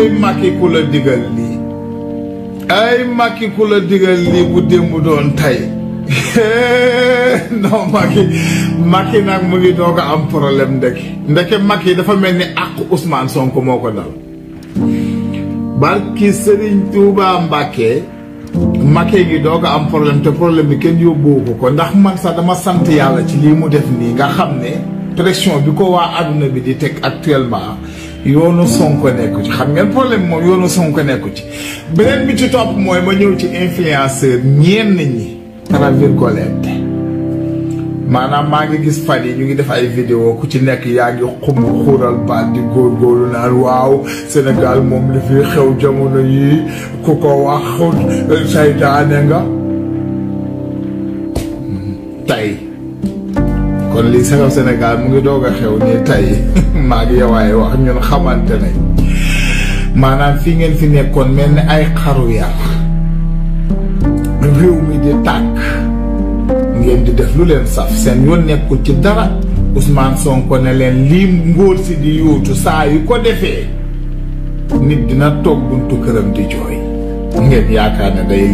ay Macky ku la digal lii ay Macky ku la digal lii bu démb doon tey non Macky Macky nag mu ngi doog a am problème ndeke mag yi dafa mel ni àqu Ousmane Sonko moo ko dal barki Serigne Touba Mbacke Macky ngi doog a am problème te problème bi kenn yóbbuwu ko ndax man sax dama sant yàlla ci lii mu def nii nga xam ne pression bi ko waa àdduna bi di teg actuellement yoonu Sonko nekku ci xam ngeen problème moom yoonu Sonko nekku ci beneen bi ci topp mooy ma ñëw ci influenceur ñenn ñi paravirgolette maanaam maa ngi gis fan yi ñu ngi def ay vidéo ku ci nekk yaa ngi xumb xuural baat di góorgóorlu naan waaw Sénégal moom li fi xew jamono yi ku ko wax saytaane nga hmm, tay kon lii xew Sénégal mu ngi doog a xew nii tey maa ngi wax ñun xamante ne maanaam fii ngeen fi nekkoon mel ni ay xaru yàlla réew mi di tàkk ngeen di def lu leen saf seen yoon nekkul ci dara Ousmane Sonko ne leen lii ngóor si di yóotu saa yi ko defee nit dina toog buntu këram di jooy ngeen yaakaar ne day